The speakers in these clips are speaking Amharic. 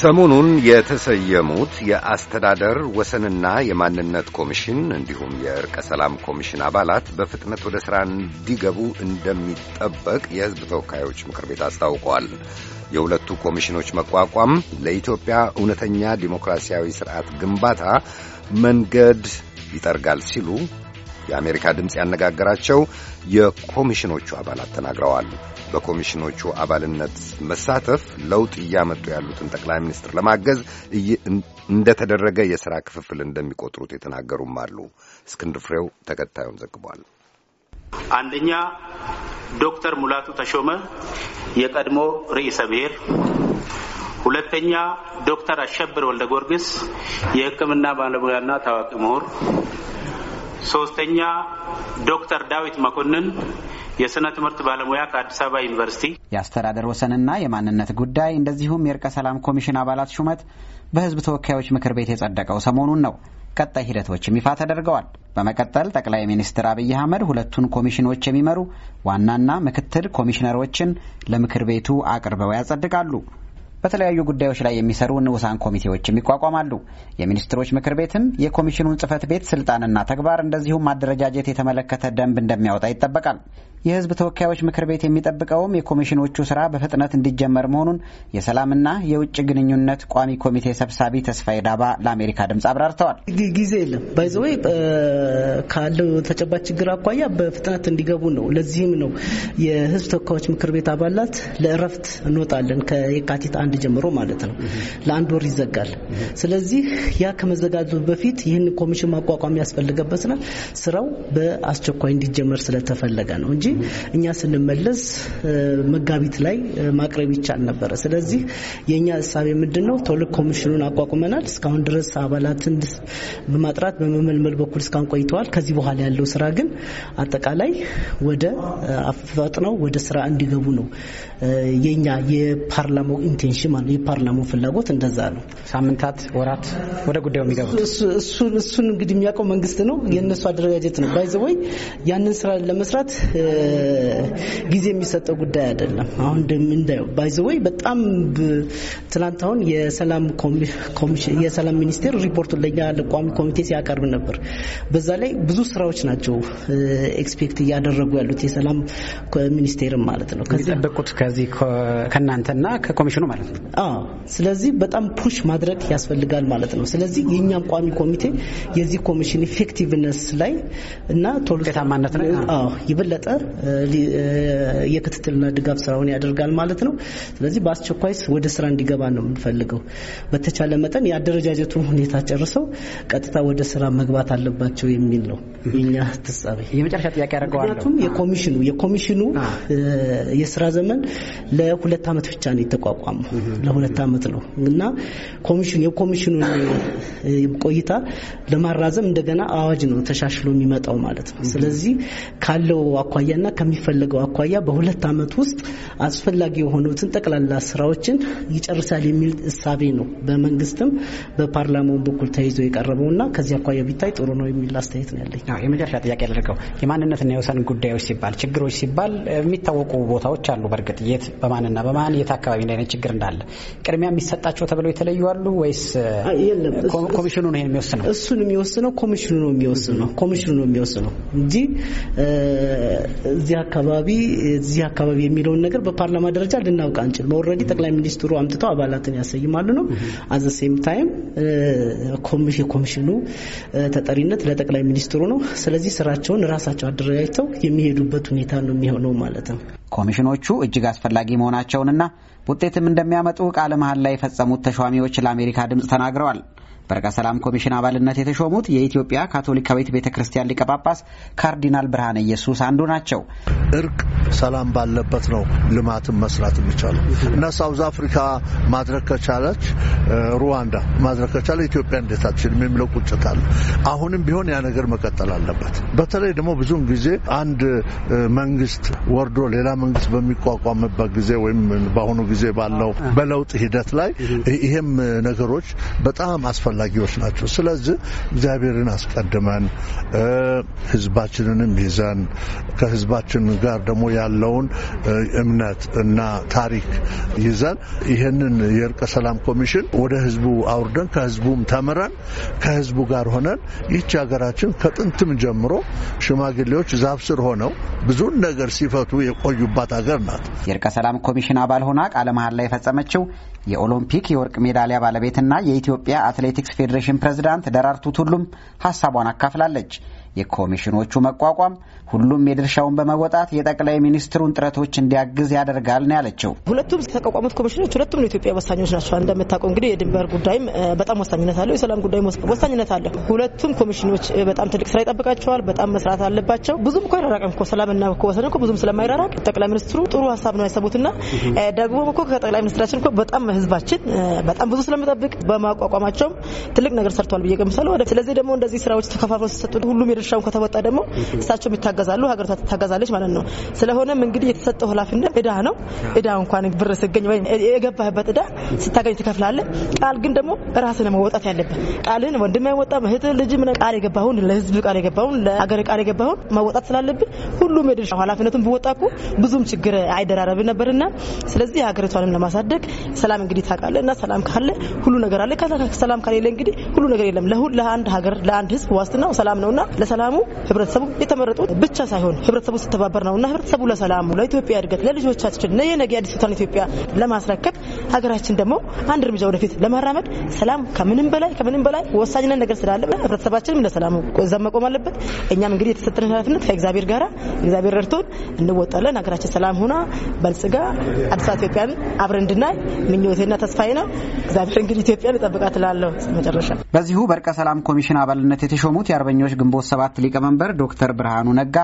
ሰሞኑን የተሰየሙት የአስተዳደር ወሰንና የማንነት ኮሚሽን እንዲሁም የእርቀ ሰላም ኮሚሽን አባላት በፍጥነት ወደ ሥራ እንዲገቡ እንደሚጠበቅ የሕዝብ ተወካዮች ምክር ቤት አስታውቋል። የሁለቱ ኮሚሽኖች መቋቋም ለኢትዮጵያ እውነተኛ ዲሞክራሲያዊ ሥርዓት ግንባታ መንገድ ይጠርጋል ሲሉ የአሜሪካ ድምፅ ያነጋገራቸው የኮሚሽኖቹ አባላት ተናግረዋል። በኮሚሽኖቹ አባልነት መሳተፍ ለውጥ እያመጡ ያሉትን ጠቅላይ ሚኒስትር ለማገዝ እንደተደረገ የሥራ ክፍፍል እንደሚቆጥሩት የተናገሩም አሉ። እስክንድር ፍሬው ተከታዩን ዘግቧል። አንደኛ ዶክተር ሙላቱ ተሾመ የቀድሞ ርዕሰ ብሔር፣ ሁለተኛ ዶክተር አሸብር ወልደ ጊዮርጊስ የሕክምና ባለሙያና ታዋቂ ምሁር ሶስተኛ ዶክተር ዳዊት መኮንን የስነ ትምህርት ባለሙያ ከአዲስ አበባ ዩኒቨርሲቲ። የአስተዳደር ወሰንና የማንነት ጉዳይ እንደዚሁም የእርቀ ሰላም ኮሚሽን አባላት ሹመት በህዝብ ተወካዮች ምክር ቤት የጸደቀው ሰሞኑን ነው። ቀጣይ ሂደቶችም ይፋ ተደርገዋል። በመቀጠል ጠቅላይ ሚኒስትር አብይ አህመድ ሁለቱን ኮሚሽኖች የሚመሩ ዋናና ምክትል ኮሚሽነሮችን ለምክር ቤቱ አቅርበው ያጸድቃሉ። በተለያዩ ጉዳዮች ላይ የሚሰሩ ንዑሳን ኮሚቴዎችም ይቋቋማሉ። የሚኒስትሮች ምክር ቤትም የኮሚሽኑን ጽህፈት ቤት ስልጣንና ተግባር እንደዚሁም አደረጃጀት የተመለከተ ደንብ እንደሚያወጣ ይጠበቃል። የህዝብ ተወካዮች ምክር ቤት የሚጠብቀውም የኮሚሽኖቹ ስራ በፍጥነት እንዲጀመር መሆኑን የሰላምና የውጭ ግንኙነት ቋሚ ኮሚቴ ሰብሳቢ ተስፋዬ ዳባ ለአሜሪካ ድምፅ አብራርተዋል። ጊዜ የለም ባይዘወይ ካለው ተጨባጭ ችግር አኳያ በፍጥነት እንዲገቡ ነው። ለዚህም ነው የህዝብ ተወካዮች ምክር ቤት አባላት ለእረፍት እንወጣለን ከየካቲት አንድ ጀምሮ ማለት ነው። ለአንድ ወር ይዘጋል። ስለዚህ ያ ከመዘጋቱ በፊት ይህን ኮሚሽን ማቋቋም ያስፈልገበት ስራው በአስቸኳይ እንዲጀመር ስለተፈለገ ነው እንጂ እኛ ስንመለስ መጋቢት ላይ ማቅረብ ይቻል ነበረ። ስለዚህ የእኛ እሳቤ ምንድን ነው? ተልእኮ ኮሚሽኑን አቋቁመናል። እስካሁን ድረስ አባላትን በማጥራት በመመልመል በኩል እስካሁን ቆይተዋል። ከዚህ በኋላ ያለው ስራ ግን አጠቃላይ ወደ አፋጥነው ወደ ስራ እንዲገቡ ነው የኛ የፓርላማው ኢንቴንሽን ማለት የፓርላማው ፍላጎት እንደዛ ነው። ሳምንታት፣ ወራት ወደ ጉዳዩ የሚገቡት እሱን እንግዲህ የሚያውቀው መንግስት ነው። የእነሱ አደረጃጀት ነው ባይዘወይ ያንን ስራ ለመስራት ጊዜ የሚሰጠው ጉዳይ አይደለም። አሁን እንደምንዳየው ባይዘወይ በጣም ትናንት አሁን የሰላም ኮሚሽን የሰላም ሚኒስቴር ሪፖርቱን ለኛ ለቋሚ ኮሚቴ ሲያቀርብ ነበር። በዛ ላይ ብዙ ስራዎች ናቸው ኤክስፔክት እያደረጉ ያሉት የሰላም ሚኒስቴርም ማለት ነው የሚጠበቁት ከዚህ ከእናንተና ከኮሚሽኑ ማለት ነው። ስለዚህ በጣም ፑሽ ማድረግ ያስፈልጋል ማለት ነው። ስለዚህ የእኛም ቋሚ ኮሚቴ የዚህ ኮሚሽን ኢፌክቲቭነስ ላይ እና ቶሎ ውጤታማነት ይበለጠ የክትትልና ድጋፍ ስራውን ያደርጋል ማለት ነው። ስለዚህ በአስቸኳይ ወደ ስራ እንዲገባ ነው የምንፈልገው። በተቻለ መጠን የአደረጃጀቱ ሁኔታ ጨርሰው ቀጥታ ወደ ስራ መግባት አለባቸው የሚል ነው የኛ ትጻቤ። የመጨረሻ ጥያቄ ያደርገዋል። ምክንያቱም የኮሚሽኑ የኮሚሽኑ የስራ ዘመን ለሁለት ዓመት ብቻ ነው የተቋቋመው ለሁለት ዓመት ነው እና ኮሚሽኑ የኮሚሽኑን ቆይታ ለማራዘም እንደገና አዋጅ ነው ተሻሽሎ የሚመጣው ማለት ነው። ስለዚህ ካለው አኳያ እና ከሚፈለገው አኳያ በሁለት አመት ውስጥ አስፈላጊ የሆኑትን ጠቅላላ ስራዎችን ይጨርሳል የሚል እሳቤ ነው በመንግስትም በፓርላማውን በኩል ተይዞ የቀረበው እና ከዚህ አኳያ ቢታይ ጥሩ ነው የሚል አስተያየት ነው ያለኝ። የመጨረሻ ጥያቄ ያደረገው የማንነትና የወሰን ጉዳዮች ሲባል ችግሮች ሲባል የሚታወቁ ቦታዎች አሉ። በእርግጥ የት በማንና በማን የት አካባቢ እንደ አይነት ችግር እንዳለ ቅድሚያ የሚሰጣቸው ተብለው የተለዩ አሉ ወይስ ኮሚሽኑ ነው የሚወስነው? እሱን የሚወስነው ኮሚሽኑ ነው የሚወስነው ኮሚሽኑ ነው የሚወስነው እንጂ እዚህ አካባቢ እዚህ አካባቢ የሚለውን ነገር በፓርላማ ደረጃ ልናውቅ አንችልም። ኦልሬዲ ጠቅላይ ሚኒስትሩ አምጥተው አባላትን ያሰይማሉ ነው። አዘ ሴም ታይም የኮሚሽኑ uh, ተጠሪነት ለጠቅላይ ሚኒስትሩ ነው። ስለዚህ ስራቸውን ራሳቸው አደረጃጅተው የሚሄዱበት ሁኔታ ነው የሚሆነው ማለት ነው። ኮሚሽኖቹ እጅግ አስፈላጊ መሆናቸውንና ውጤትም እንደሚያመጡ ቃለ መሀል ላይ የፈጸሙት ተሿሚዎች ለአሜሪካ ድምፅ ተናግረዋል። በርቀ ሰላም ኮሚሽን አባልነት የተሾሙት የኢትዮጵያ ካቶሊካዊት ቤተ ክርስቲያን ሊቀ ጳጳስ ካርዲናል ብርሃነ ኢየሱስ አንዱ ናቸው። እርቅ ሰላም ባለበት ነው ልማትን መስራት የሚቻለው እና ሳውዝ አፍሪካ ማድረግ ከቻለች፣ ሩዋንዳ ማድረግ ከቻለ ኢትዮጵያ እንዴት አትችልም የሚለው ቁጭት አለ። አሁንም ቢሆን ያ ነገር መቀጠል አለበት። በተለይ ደግሞ ብዙውን ጊዜ አንድ መንግስት ወርዶ ሌላ መንግስት በሚቋቋምበት ጊዜ ወይም በአሁኑ ጊዜ ባለው በለውጥ ሂደት ላይ ይህም ነገሮች በጣም አስፈላጊዎች ናቸው። ስለዚህ እግዚአብሔርን አስቀድመን ህዝባችንንም ይዘን ከህዝባችን ጋር ደግሞ ያለውን እምነት እና ታሪክ ይዘን ይህንን የእርቀ ሰላም ኮሚሽን ወደ ህዝቡ አውርደን ከህዝቡም ተምረን ከህዝቡ ጋር ሆነን ይህች ሀገራችን ከጥንትም ጀምሮ ሽማግሌዎች ዛፍ ስር ሆነው ብዙን ነገር ሲፈቱ የቆዩ የሚታዩባት ሀገር ናት። የእርቀ ሰላም ኮሚሽን አባል ሆና ቃለ ላይ የፈጸመችው የኦሎምፒክ የወርቅ ሜዳሊያ ባለቤትና የኢትዮጵያ አትሌቲክስ ፌዴሬሽን ፕሬዝዳንት ደራርቱ ቱሉም ሀሳቧን አካፍላለች። የኮሚሽኖቹ መቋቋም ሁሉም የድርሻውን በመወጣት የጠቅላይ ሚኒስትሩን ጥረቶች እንዲያግዝ ያደርጋል ነው ያለችው። ሁለቱም የተቋቋሙት ኮሚሽኖች ሁለቱም ለኢትዮጵያ ወሳኞች ናቸው። እንደምታውቀው እንግዲህ የድንበር ጉዳይም በጣም ወሳኝነት አለው፣ የሰላም ጉዳይም ወሳኝነት አለው። ሁለቱም ኮሚሽኖች በጣም ትልቅ ስራ ይጠብቃቸዋል። በጣም መስራት አለባቸው። ብዙም እኮ አይራራቅም እኮ ሰላምና እኮ ወሰን እኮ ብዙም ስለማይራራቅ ጠቅላይ ሚኒስትሩ ጥሩ ሀሳብ ነው ያሰቡት ያሰቡትና ደግሞ እኮ ከጠቅላይ ሚኒስትራችን እኮ በጣም ህዝባችን በጣም ብዙ ስለሚጠብቅ በማቋቋማቸውም ትልቅ ነገር ሰርተዋል ብዬ ገምሳለሁ። ስለዚህ ደግሞ እንደዚህ ስራዎች ተከፋፍለው ሲሰጡ ሁሉም ድርሻውን ከተወጣ ደግሞ እሳቸውም ይታገዛሉ፣ ሀገሪቷ ትታገዛለች ማለት ነው። ስለሆነም እንግዲህ የተሰጠው ኃላፊነት እዳ ነው። እዳ እንኳን ብር ስገኝ ወይም የገባህበት እዳ ስታገኝ ትከፍላለህ። ቃል ግን ደግሞ ራስህ ነው መወጣት ያለብህ። ቃልን ወንድም አይወጣ እህት ልጅ ምን ቃል የገባሁን ለህዝብ ቃል የገባሁን ለሀገር ቃል የገባሁን መወጣት ስላለብህ ሁሉም የድርሻው ኃላፊነቱን ብወጣኩ ብዙም ችግር አይደራረብ ነበርና ስለዚህ ሀገሪቷንም ለማሳደግ ሰላም እንግዲህ ታውቃለህ እና ሰላም ካለ ሁሉ ነገር አለ። ሰላም ከሌለ እንግዲህ ሁሉ ነገር የለም። ለአንድ ሀገር ለአንድ ህዝብ ዋስትናው ሰላም ነውና ለሰላሙ ህብረተሰቡ የተመረጡ ብቻ ሳይሆን ህብረተሰቡ ሲተባበር ነው እና ህብረተሰቡ ለሰላሙ ለኢትዮጵያ እድገት ለልጆቻችን ነገ አዲስቷን ኢትዮጵያ ለማስረከብ ሀገራችን ደግሞ አንድ እርምጃ ወደፊት ለማራመድ ሰላም ከምንም በላይ ከምንም በላይ ወሳኝነት ነገር ስላለ ህብረተሰባችንም ለሰላሙ እዛ መቆም አለበት። እኛም እንግዲህ የተሰጠን ኃላፊነት ከእግዚአብሔር ጋራ እግዚአብሔር ረድቶን እንወጣለን። ሀገራችን ሰላም ሆና በልጽጋ አዲስ ኢትዮጵያን አብረን እንድናይ ምኞቴና ተስፋዬ ነው። እግዚአብሔር እንግዲህ ኢትዮጵያን ይጠብቃት እላለሁ። መጨረሻ በዚሁ በእርቀ ሰላም ኮሚሽን አባልነት የተሾሙት የአርበኞች ግንቦት ሰባት ሊቀመንበር ዶክተር ብርሃኑ ነጋ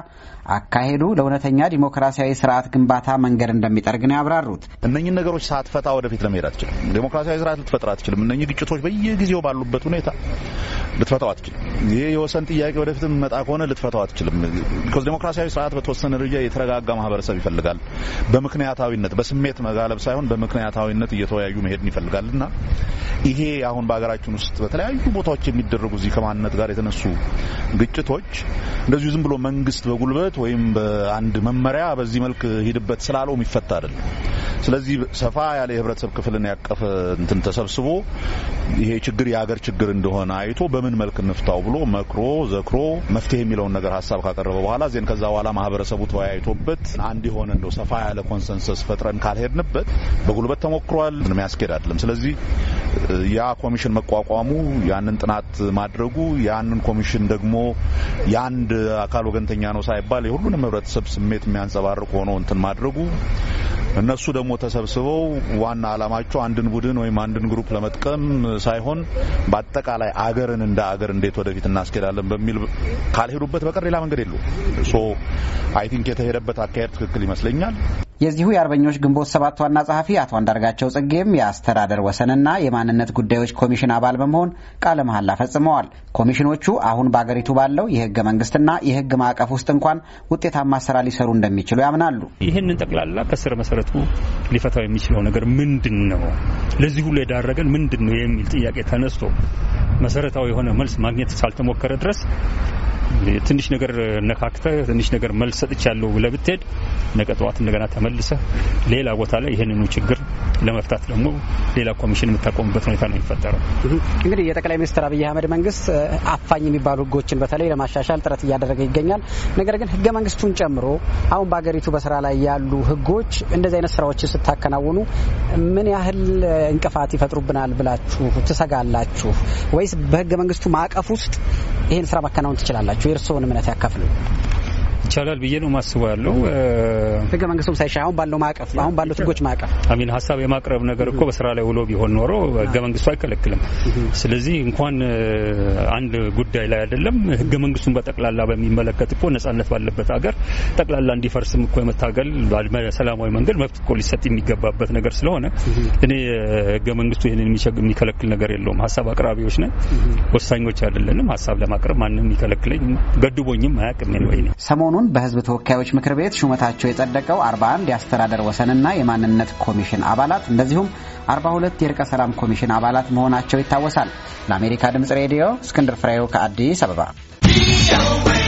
አካሄዱ ለእውነተኛ ዲሞክራሲያዊ ስርዓት ግንባታ መንገድ እንደሚጠርግ ነው ያብራሩት። እነኚህ ነገሮች ሳትፈታ ወደፊት ለመሄድ አትችልም። ዲሞክራሲያዊ ስርዓት ልትፈጥር አትችልም። እነኝህ ግጭቶች በየጊዜው ባሉበት ሁኔታ ልትፈታው አትችልም። ይህ የወሰን ጥያቄ ወደፊት መጣ ከሆነ ልትፈታው አትችልም። ቢኮዝ ዲሞክራሲያዊ ስርዓት በተወሰነ ደረጃ የተረጋጋ ማህበረሰብ ይፈልጋል። በምክንያታዊነት በስሜት መጋለብ ሳይሆን በምክንያታዊነት እየተወያዩ መሄድን ይፈልጋል እና ይሄ አሁን በሀገራችን ውስጥ በተለያዩ ቦታዎች የሚደረጉ እዚህ ከማንነት ጋር የተነሱ ግጭት ግጭቶች እንደዚሁ ዝም ብሎ መንግስት በጉልበት ወይም በአንድ መመሪያ በዚህ መልክ ሂድበት ስላለው የሚፈታ አይደለም። ስለዚህ ሰፋ ያለ የህብረተሰብ ክፍልን ያቀፈ እንትን ተሰብስቦ ይሄ ችግር የሀገር ችግር እንደሆነ አይቶ በምን መልክ እንፍታው ብሎ መክሮ ዘክሮ መፍትሄ የሚለውን ነገር ሀሳብ ካቀረበ በኋላ ዜን ከዛ በኋላ ማህበረሰቡ ተወያይቶበት አንድ የሆነ እንደው ሰፋ ያለ ኮንሰንሰስ ፈጥረን ካልሄድንበት በጉልበት ተሞክሯል፣ የሚያስኬድ አይደለም። ስለዚህ ያ ኮሚሽን መቋቋሙ ያንን ጥናት ማድረጉ ያንን ኮሚሽን ደግሞ የአንድ አካል ወገንተኛ ነው ሳይባል የሁሉንም ህብረተሰብ ስሜት የሚያንጸባርቅ ሆኖ እንትን ማድረጉ እነሱ ደግሞ ተሰብስበው ዋና አላማቸው አንድን ቡድን ወይም አንድን ግሩፕ ለመጥቀም ሳይሆን በአጠቃላይ አገርን እንደ አገር እንዴት ወደፊት እናስኬዳለን በሚል ካልሄዱበት በቀር ሌላ መንገድ የሉ ሶ አይ ቲንክ የተሄደበት አካሄድ ትክክል ይመስለኛል። የዚሁ የአርበኞች ግንቦት ሰባት ዋና ጸሐፊ አቶ አንዳርጋቸው ጽጌም የአስተዳደር ወሰንና የማንነት ጉዳዮች ኮሚሽን አባል በመሆን ቃለ መሐላ ፈጽመዋል። ኮሚሽኖቹ አሁን በአገሪቱ ባለው የህገ መንግስትና የህግ ማዕቀፍ ውስጥ እንኳን ውጤታማ ስራ ሊሰሩ እንደሚችሉ ያምናሉ። ይህንን ጠቅላላ ከስር መሰረቱ ሊፈታው የሚችለው ነገር ምንድን ነው? ለዚህ ሁሉ የዳረገን ምንድን ነው የሚል ጥያቄ ተነስቶ መሰረታዊ የሆነ መልስ ማግኘት ሳልተሞከረ ድረስ ትንሽ ነገር ነካክተ ትንሽ ነገር መልስ ሰጥቻለሁ ብለህ ብትሄድ ነገ ጠዋት እንደገና ተመልሰ ሌላ ቦታ ላይ ይህንኑ ችግር ለመፍታት ደግሞ ሌላ ኮሚሽን የምታቆምበት ሁኔታ ነው የሚፈጠረው። እንግዲህ የጠቅላይ ሚኒስትር አብይ አህመድ መንግስት አፋኝ የሚባሉ ህጎችን በተለይ ለማሻሻል ጥረት እያደረገ ይገኛል። ነገር ግን ህገ መንግስቱን ጨምሮ አሁን በሀገሪቱ በስራ ላይ ያሉ ህጎች እንደዚህ አይነት ስራዎችን ስታከናውኑ ምን ያህል እንቅፋት ይፈጥሩብናል ብላችሁ ትሰጋላችሁ ወይስ በህገ መንግስቱ ማዕቀፍ ውስጥ ይህን ስራ ማከናወን ትችላላችሁ? የእርስዎን እምነት ያካፍሉ። ይቻላል ብዬ ነው ማስበው ያለው ህገ መንግስቱም ሳይሻ አሁን ባለው ማዕቀፍ አሁን ባለው ህጎች ማዕቀፍ አሚን ሀሳብ የማቅረብ ነገር እኮ በስራ ላይ ውሎ ቢሆን ኖሮ ህገ መንግስቱ አይከለክልም። ስለዚህ እንኳን አንድ ጉዳይ ላይ አይደለም ህገ መንግስቱን በጠቅላላ በሚመለከት እኮ ነጻነት ባለበት ሀገር ጠቅላላ እንዲፈርስም እኮ የመታገል ሰላማዊ መንገድ መብት እኮ ሊሰጥ የሚገባበት ነገር ስለሆነ እኔ ህገ መንግስቱ ይህንን የሚከለክል ነገር የለውም። ሀሳብ አቅራቢዎች ነን፣ ወሳኞች አይደለንም። ሀሳብ ለማቅረብ ማንም የሚከለክለኝ ገድቦኝም አያውቅም ወይ ሰሞኑን በህዝብ ተወካዮች ምክር ቤት ሹመታቸው የጸደቀው 41 የአስተዳደር ወሰንና የማንነት ኮሚሽን አባላት እንደዚሁም 42 የእርቀ ሰላም ኮሚሽን አባላት መሆናቸው ይታወሳል። ለአሜሪካ ድምፅ ሬዲዮ እስክንድር ፍሬው ከአዲስ አበባ